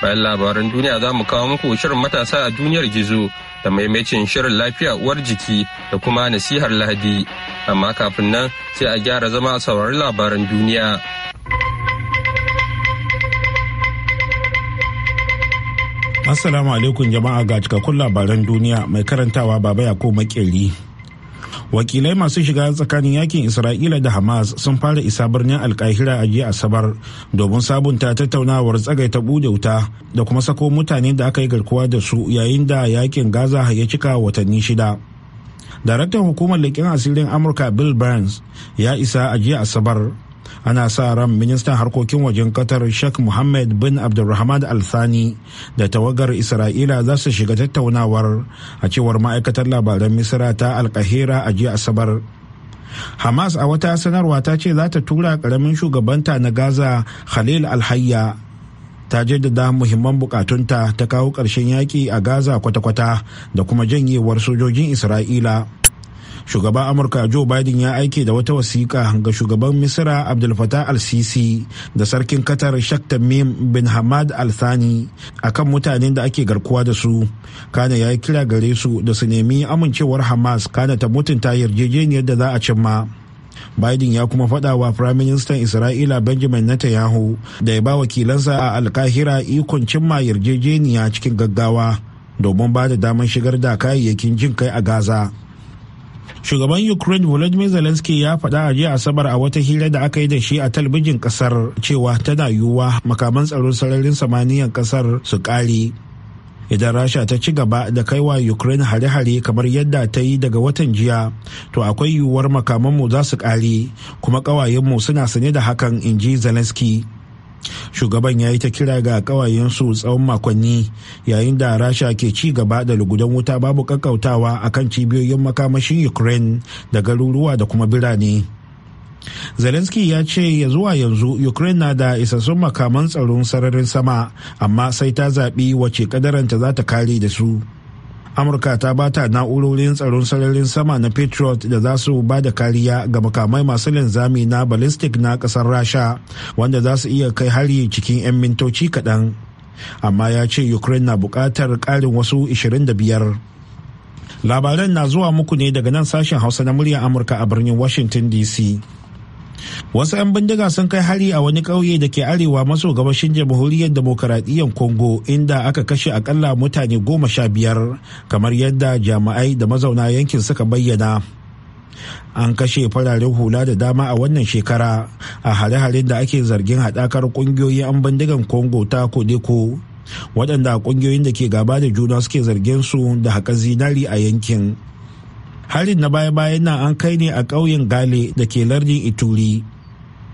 Bayan labaran duniya za mu kawo muku shirin matasa a duniyar gizo da maimacin shirin lafiya uwar jiki da kuma nasihar lahadi. Amma kafin nan sai a gyara zama a saurari labaran duniya. Assalamu alaikum jama'a ga cikakkun labaran duniya mai karantawa baba ya ko makeri. wakilai masu shiga tsakanin yakin isra'ila da hamas sun fara isa birnin alkahira a jiya asabar domin sabunta tattaunawar ta bude wuta da kuma sako mutane da aka yi garkuwa da su yayin da yakin gaza ya cika watanni shida daraktan hukumar leƙen asirin amurka bill burns ya isa a jiya asabar ana sa ran ministan harkokin wajen qatar sheikh mohammed bin abdulrahman al-thani da tawagar isra'ila za su shiga tattaunawar a cewar ma'aikatar labaran misira ta alkahira a jiya asabar hamas a wata sanarwa ta ce za ta tura karamin shugabanta na gaza khalil alhayya ta jaddada muhimman bukatunta ta kawo ƙarshen yaƙi a gaza kwata-kwata da kuma janyewar sojojin isra'ila shugaban amurka joe biden ya aike da wata wasiƙa ga shugaban misira abdul fatah al-sisi da sarkin qatar shak tamim bin hamad al-thani akan mutanen da ake garkuwa da su kana ya yi kira gare su da su nemi amincewar hamas kana ta mutunta yarjejeniyar da za a cimma biden ya kuma faɗa wa firaministan isra'ila benjamin netanyahu da ya ba wakilansa a alkahira ikon cimma yarjejeniya cikin gaggawa domin ba da damar shigar da kayayyakin jin kai a gaza shugaban ukraine volodymyr zelensky ya faɗa a jiya asabar a wata hira da aka yi da shi a talbijin kasar cewa tana yiwuwa makaman tsaron sararin samaniyan kasar su ƙare idan rasha ta ci gaba da kai wa ukraine hare-hare kamar yadda ta yi daga watan jiya to akwai yiwuwar makamanmu za su ƙare kuma ƙawayenmu suna sane da hakan in ji zelensky shugaban ya yi ta kira ga su tsawon makonni yayin da rasha ke ci gaba da lugudan wuta babu kakkautawa akan cibiyoyin makamashin ukraine da garuruwa da kuma birane zelensky ya ce ya zuwa yanzu ukraine na da isassun makaman tsaron sararin sama amma sai ta zaɓi wace kadaranta za ta kare da su amurka ta bata na'urorin tsaron sararin sama na patriot da za su ba da kariya ga makamai masu linzami na ballistic na kasar rasha wanda za su iya kai hari cikin 'yan mintoci kaɗan amma ya ce ukraine na buƙatar ƙarin wasu 25 labaran na zuwa muku ne daga nan sashen hausa na muryar amurka a birnin washington dc wasu 'yan bindiga sun kai hari a wani ƙauye da ke arewa maso gabashin jamhuriyar demokaradiyyar congo inda aka kashe akalla mutane goma sha biyar kamar yadda jami'ai da mazauna yankin suka bayyana an kashe fararen hula da dama a wannan shekara a hare-haren da ake zargin haɗakar ƙungiyoyin 'yan bindigan congo ta kodeko waɗanda ƙungiyoyin da ke gaba da juna suke zargin su da haƙar zinari a yankin harin na baya-bayan nan an kai ne a ƙauyen gale da ke lardin ituri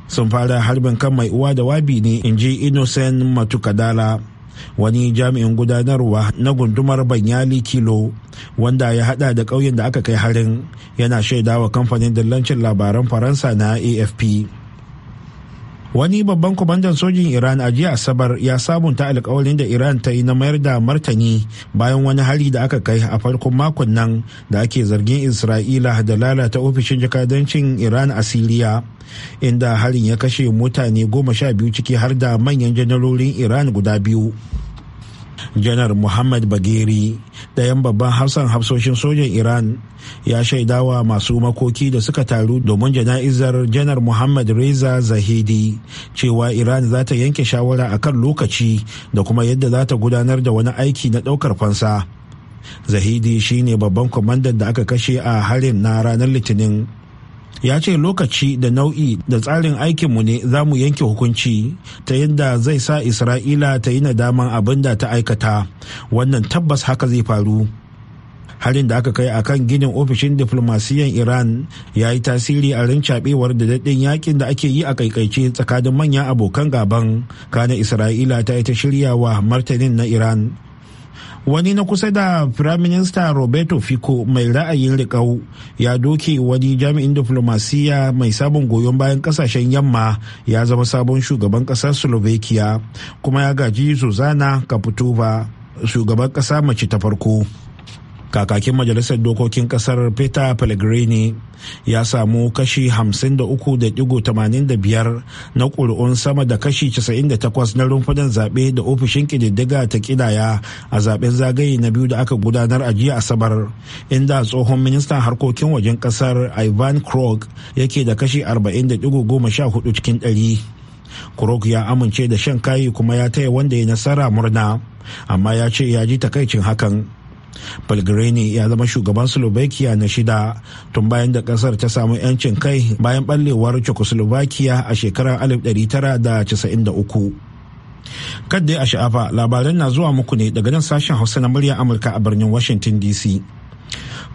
sun fara harbin kan mai uwa da wabi ne in ji innocent matukadala wani jami'in gudanarwa na gundumar banyali kilo wanda ya hada da ƙauyen da aka kai harin yana shaidawa kamfanin dillancin labaran faransa na afp wani babban kwamandan sojin iran a jiya asabar ya sabunta alkawarin da iran ta yi na mayar da martani bayan wani hali da aka kai a farkon makon nan da ake zargin isra'ila da lalata ofishin jakadancin iran a siriya inda harin ya kashe mutane goma sha biyu ciki har da manyan janarorin iran guda biyu janar muhammad bageri 'yan babban hafsan hafsoshin sojan iran ya shaidawa masu makoki da suka taru domin jana'izar janar muhammad reza zahidi cewa iran za ta yanke shawara a kan lokaci da kuma yadda za ta gudanar da wani aiki na ɗaukar fansa zahidi shine babban kwamandan da aka kashe a harin na ranar litinin ya ce lokaci da nau'i da tsarin aikinmu ne za mu yanke hukunci ta yadda zai sa isra'ila ta yi nadaman abin da ta aikata wannan tabbas haka zai faru harin da aka kai a kan ginin ofishin diflomasiyan iran ya yi tasiri a rincaɓewar da daɗin yakin da ake yi a kaikaice tsakanin manyan abokan gaban kana isra'ila ta yi ta shirya wa martanin na iran wani na kusa da firaminista roberto fico mai ra'ayin riƙau ya doke wani jami'in diflomasiyya mai sabon goyon bayan kasashen yamma ya zama sabon shugaban ƙasa slovakia kuma ya gaji zuzana kaputova shugaban ƙasa mace ta farko kakakin majalisar dokokin kasar peter pellegrini ya samu kashi 53.85 na ƙuri'un sama da kashi 98 na rumfunan zaɓe da ofishin ƙididdiga ta ƙidaya a zaɓen zagaye na biyu da aka gudanar a jiya asabar inda tsohon ministan harkokin wajen ƙasar ivan krog yake da kashi 40.14 cikin ɗari. krog ya amince da shan kayi kuma ya taya wanda ya nasara murna, amma ya ce ya ji takaicin hakan. Pellegrini ya zama shugaban Slovakia na shida tun bayan da kasar ta samu 'yancin kai bayan ɓallewar Czechoslovakia a shekarar 1993. Kadda a sha'afa labaran na zuwa muku ne daga nan sashen Hausa na murya Amurka a birnin Washington DC.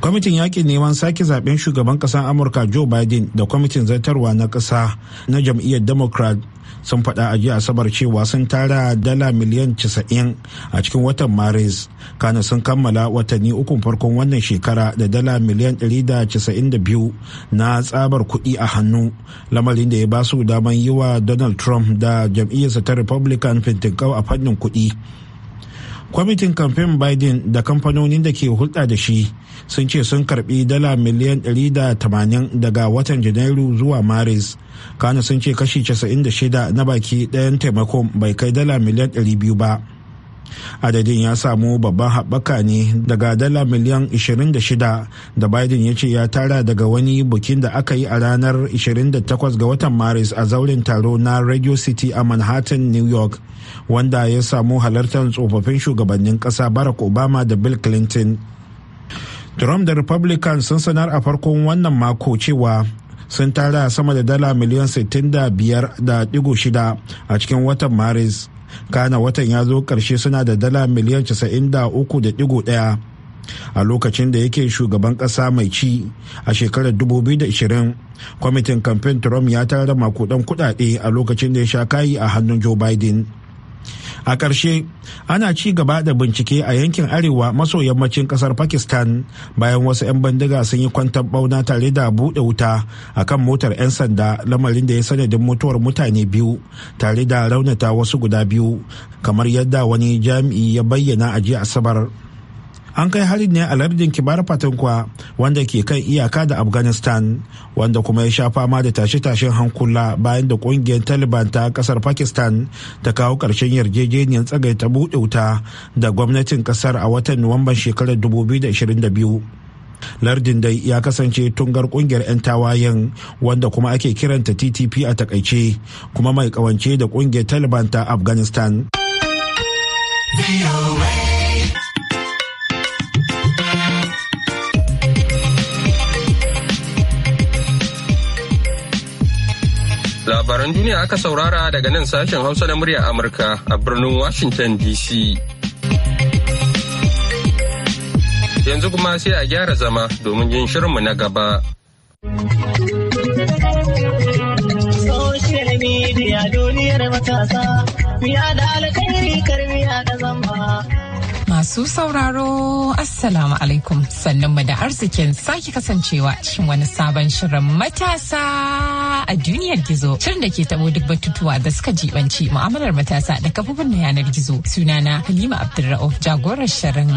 kwamitin Yaƙin neman sake zaben shugaban ƙasar amurka joe biden da kwamitin zartarwa na ƙasa na jam'iyyar democrat sun faɗa a jiya asabar cewa sun tara dala miliyan 90 a cikin watan maris kana sun kammala watanni ukun farkon wannan shekara da dala miliyan 192 na tsabar kuɗi a hannu lamarin da ya basu su daman yi wa donald trump da jam'iyyarsa ta republican fintinkau a fannin kuɗi kwamitin kamfen biden da kamfanonin da ke hulɗa da shi sun ce sun karbi dala miliyan 180 daga watan janairu zuwa maris kana sun ce kashi 96 na baki ɗayan taimakon bai kai dala miliyan 200 ba adadin ya samu babban haɓaka ne daga dala miliyan 26 da biden ya ce ya tara daga wani bukin da aka yi a ranar 28 ga watan maris a zauren taro na radio city a manhattan new york wanda ya samu halartar tsofaffin shugabannin ƙasa barack obama da bill clinton trump da republican sun sanar a farkon wannan mako cewa sun tara sama da dala miliyan 65.6 a cikin watan maris kana watan ya zo karshe suna da dala miliyan 93.1 a lokacin da yake shugaban ƙasa mai ci a shekarar 2020 kwamitin kamfen trump ya tara makudan kudade a lokacin da ya sha kayi a hannun joe biden a ƙarshe ana ci gaba da bincike a yankin arewa maso yammacin ƙasar pakistan bayan wasu 'yan bindiga sun yi kwantar bauna tare da buɗe wuta a kan motar 'yan sanda lamarin da ya sanadin mutuwar mutane biyu tare da raunata wasu guda biyu kamar yadda wani jami'i ya bayyana a jiya asabar. an kai harin ne a lardin kibar fatankwa wanda ke kan iyaka da afghanistan wanda kuma ya sha fama da tashe-tashen hankula bayan da kungiyar taliban ta kasar pakistan ta kawo karshen yarjejeniyar tsagaita buɗe wuta da gwamnatin kasar a watan nuwamban shekarar 2022 lardin dai ya kasance tungar kungiyar 'yan tawayen wanda kuma ake kiranta ttp a takaice kuma mai kawance da kungiyar taliban ta afghanistan. Labaran duniya aka saurara daga nan sashen Hausa na murya Amurka a birnin Washington DC. Yanzu kuma sai a gyara zama domin yin shirinmu na gaba. duniyar matasa, da alkhairi karmiya da zamba. Masu sauraro Assalamu alaikum sannan da arzikin sake kasancewa cikin wani sabon shirin matasa a duniyar gizo. Shirin da ke tabo duk batutuwa da suka jibanci mu'amalar matasa da kafofin na yanar gizo. Sunana Halima Abdulra'uf jagorar shirin.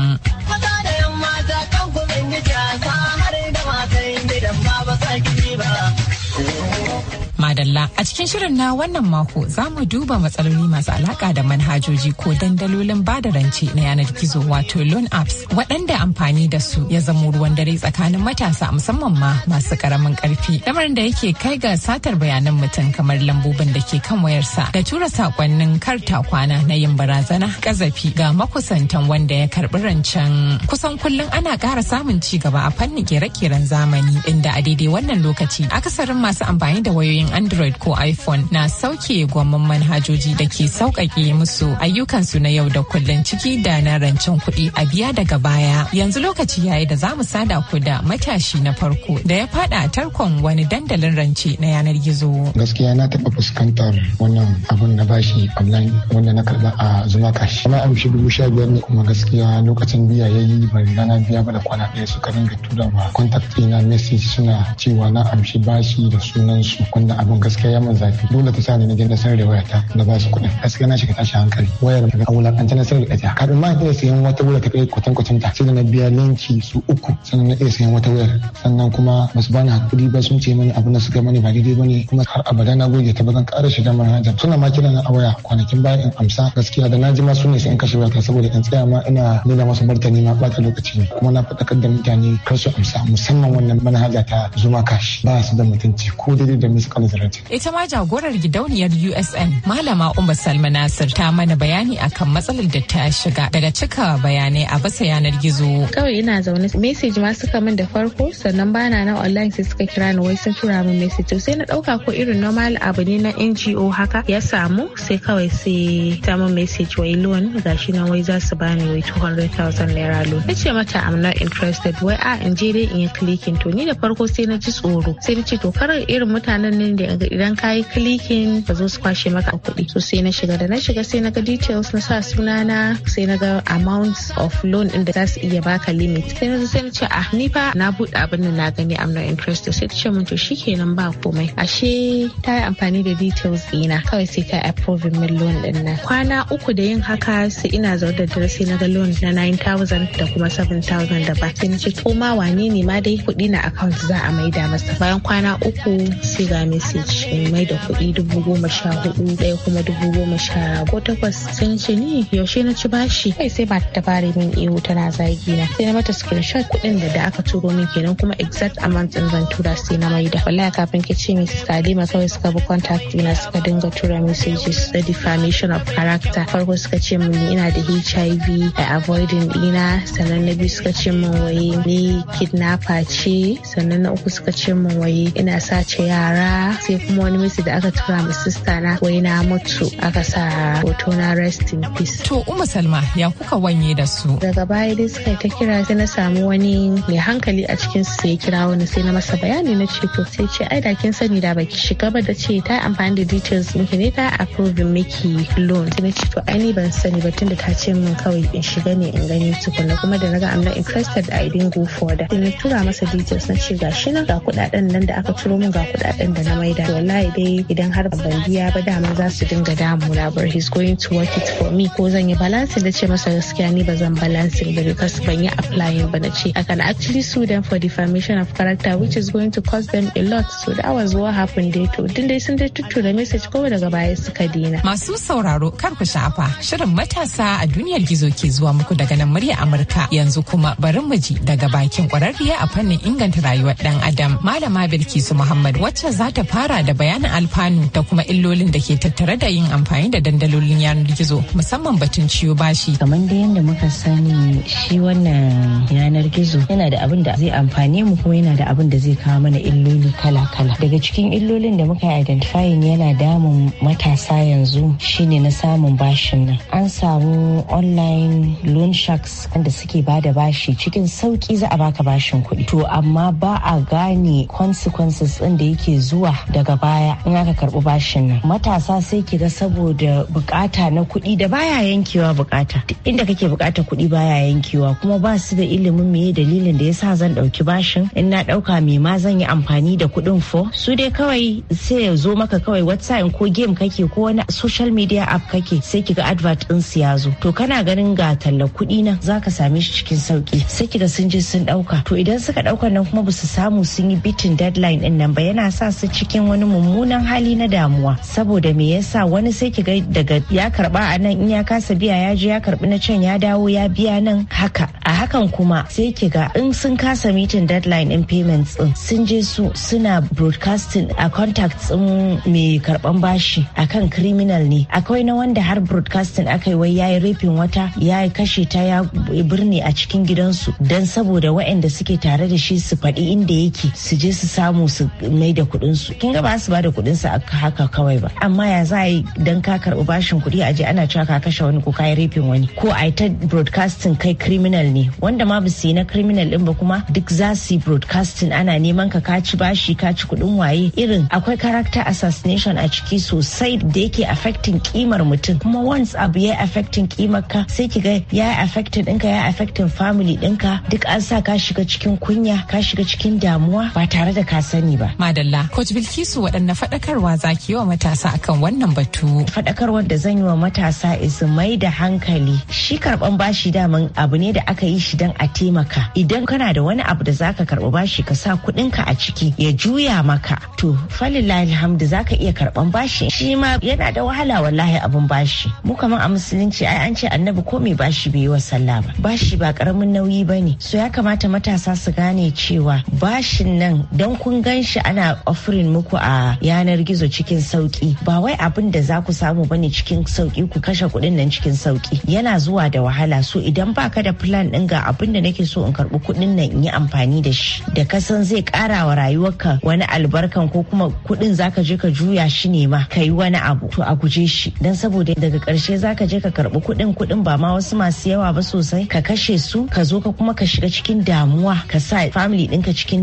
Madalla. A cikin shirin na wannan mako za mu duba matsaloli masu alaka da manhajoji ko dandalolin bada rance na yanar gizo wato loan apps waɗanda amfani da su ya zamo ruwan dare tsakanin matasa musamman ma masu karamin karfi. Lamarin da yake kai ga satar bayanan mutum kamar lambobin da ke kan wayarsa da tura sakonnin karta kwana na yin barazana kazafi ga makusantan wanda ya karbi rancen kusan kullum ana ƙara samun ci gaba a fannin kere-keren zamani inda a daidai wannan lokaci akasarin masu amfani da wayoyin android ko iphone na sauke gwamman manhajoji da ke sauƙaƙe musu ayyukansu na yau da kullum ciki da na rancen kuɗi a biya daga baya yanzu lokaci yayi da za mu sada ku da matashi na farko da ya faɗa tarkon wani dandalin rance na yanar gizo gaskiya na taɓa fuskantar wannan abun na bashi online wanda na karɓa a zuma kashi na amshi dubu sha biyar ne kuma gaskiya lokacin biya ya yi bari na biya ba da kwana ɗaya suka ringa tura ma contact na message suna cewa na amshi bashi da sunan su wanda abun gaskiya ya mun zafi dole ta sani na sarari waya ta da wayata na ba su kuɗin gaskiya na shiga tashi hankali wayar daga aulan an tana sarari sayar kafin ma iya sayan wata wayar ta kai kwatan kwatan ta sai da na biya linki su uku sannan na iya sayan wata wayar sannan kuma ba su bani hakuri ba sun ce mani na su ga mani ba daidai bane kuma har abada na goge ta ba zan ƙara shiga manhajar suna ma kira a waya kwanakin baya in amsa gaskiya da na ji ma su ne sai in kashe wayata saboda in tsaya ma ina nuna masu martani ma ɓata lokaci ne kuma na faɗakar da mutane kar su amsa musamman wannan manhaja ta zuma kashi ba su da mutunci ko daidai da miskalin Nazareth. Ita ma jagorar gidauniyar USN Malama Umar Salma Nasir ta mana bayani akan matsalar da ta shiga daga cika bayanai a basa yanar gizo. Kawai ina zaune message ma suka min da farko sannan bana na online sai suka kira ni wai sun tura min message to sai na dauka ko irin normal abu ne na NGO haka ya samu sai kawai sai ta min message wai loan gashi nan wai za su bani wai 200,000 naira loan. Nace mata I'm not interested wai a in je dai in yi clicking to ni da farko sai na ji tsoro sai na ce to karar irin mutanen nan da idan ka yi clicking ka zo su kwashe maka kuɗi so sai na shiga da na shiga sai na ga details na sa sunana sai na ga amount of loan din da za su iya baka limit sai na sai na ce ah ni fa na buɗe abin da na gani am not interested sai ta ce mun to shikenan ba komai ashe ta yi amfani da details dina kawai sai ta approve min loan din nan kwana uku da yin haka sai ina zaune da dare sai na ga loan na 9000 da kuma 7000 da ba sai na ce to ma wane ne ma dai kuɗi na account za a maida masa bayan kwana uku sai ga mai ce cikin mai da kuɗi dubu goma sha hudu ɗaya kuma dubu goma sha ko takwas sun ce ni yaushe na ci bashi kai sai ba ta fara min ihu tana zagi na sai na mata screenshot kuɗin da da aka turo min kenan kuma exact amount din zan tura sai na maida wallahi kafin ki ce mi Salima kawai suka bi contact ina suka dinga tura messages da defamation of character farko suka ce min ina da HIV a avoiding ina sannan na biyu suka ce min waye ni kidnapper ce sannan na uku suka ce min waye ina sace yara sai kuma wani misi da aka tura ma sista na wai na mutu aka sa hoto na rest in peace to umma salma ya kuka wanye da su daga baya dai suka ta kira sai na samu wani mai hankali a cikin su sai kira wani sai na masa bayani na ce to sai ce ai da kin sani da baki shiga ba da ce ta amfani da details miki ne ta approve miki loan sai na ce to ai ni ban sani ba tunda ta ce min kawai in shiga ne in gani tukunna kuma da naga I'm not interested I didn't go for that sai na tura masa details na ce gashi nan ga kudaden nan da aka turo min ga kudaden da na mai da wallahi dai idan har ban biya ba dama za su dinga damuna but he's going to work it for me ko zan yi balancing da ce masa gaskiya ni ba zan balancing ba because ban yi applying ba na ce I can actually sue them for defamation of character which is going to cost them a lot so that was what happened dai to din dai sun dai tuttura message ko daga baya suka dina. Masu sauraro kar ku sha'afa shirin matasa a duniyar gizo ke zuwa muku daga nan murya Amurka yanzu kuma bari mu ji daga bakin kwararriya a fannin inganta rayuwar dan adam malama Bilkisu Muhammad wacce za ta fara fara da bayanin alfanu da kuma illolin da ke tattare da yin amfani da dandalolin yanar gizo musamman batun ciwo bashi. Kamar da yadda muka sani shi wannan yanar gizo yana da abin da zai amfane mu kuma yana da abin da zai kawo mana illoli kala-kala. Daga cikin illolin da muka identify yana damun matasa yanzu shine na samun bashin nan. An samu online loan sharks wanda suke bada bashi cikin sauki za a baka bashin kuɗi. To amma ba a gane consequences ɗin da yake zuwa daga baya in aka karbi bashin nan matasa sai ki ga saboda bukata na kuɗi da baya yankewa bukata inda kake bukata kuɗi baya yankewa kuma ba su da ilimin meye dalilin da yasa zan ɗauki bashin in na ɗauka me ma zan yi amfani da kuɗin fo su dai kawai sai ya zo maka kawai whatsapp ko game kake ko wani social media app kake sai ki ga advert din su ya zo to kana ganin ga talla kuɗi nan zaka same shi cikin sauki sai kiga sun je sun ɗauka to idan suka ɗauka nan kuma ba su samu sun yi bitin deadline ɗin nan ba yana sa su ciki cikin wani mummunan hali na damuwa saboda me yasa wani sai ki ga daga ya karba a nan in ya kasa biya ya je ya karbi na can ya dawo ya biya nan haka a hakan kuma sai ki ga in sun kasa meeting deadline in payments din sun je su suna broadcasting a contacts din mai karban bashi akan criminal ne akwai na wanda har broadcasting aka yi wai yayi rapin wata ya kashe ta ya birni a cikin gidansu dan saboda waɗanda suke tare da shi su faɗi inda yake su je su samu su mai da kin ga ba su ba da kuɗin su haka kawai ba amma ya za yi dan ka karɓi bashin kuɗi a je ana cewa ka kashe wani ko ka yi wani ko a ta broadcasting kai criminal ne wanda ma ba su na criminal din ba kuma duk za su yi broadcasting ana neman ka ka ci bashi ka ci kuɗin waye irin akwai character assassination a ciki sosai da yake affecting kimar mutum kuma once abu ya affecting kimar ka sai ki ga ya affecting ɗinka ya affecting family ɗinka duk an sa ka shiga cikin kunya ka shiga cikin damuwa ba tare da ka sani ba madalla coach Bilkisu waɗanne faɗakarwa za ki yi wa matasa akan wannan batu. Faɗakarwar da zan yi wa matasa isu mai da hankali shi karɓan bashi daman abu ne da aka yi shi don a taimaka. Idan kana da wani abu da za ka karɓi bashi ka sa kuɗinka a ciki ya juya maka to falillahi alhamdu za ka iya karɓan bashi shi ma yana da wahala wallahi abun bashi. Mu kaman a musulunci ai an ce annabi ko mai bashi bai yi wa sallah ba. Bashi ba ƙaramin nauyi ba ne so ya kamata matasa su gane cewa bashin nan don kun gan shi ana offering mu. ku a yanar gizo cikin sauki ba wai abin da za ku samu ba bane cikin sauki ku kashe kuɗin nan cikin sauki yana zuwa da wahala so idan ba ka da plan ɗin ga abin da nake so in karɓi kuɗin nan in yi amfani da shi da ka san zai ƙara wa rayuwarka wani albarkan ko kuma kuɗin ka je ka juya shi ne ma ka yi wani abu to a guje shi dan saboda daga ƙarshe ka je ka karɓi kuɗin kuɗin ba ma wasu masu yawa ba sosai ka kashe su ka zo ka kuma ka shiga cikin damuwa ka sa family ɗinka cikin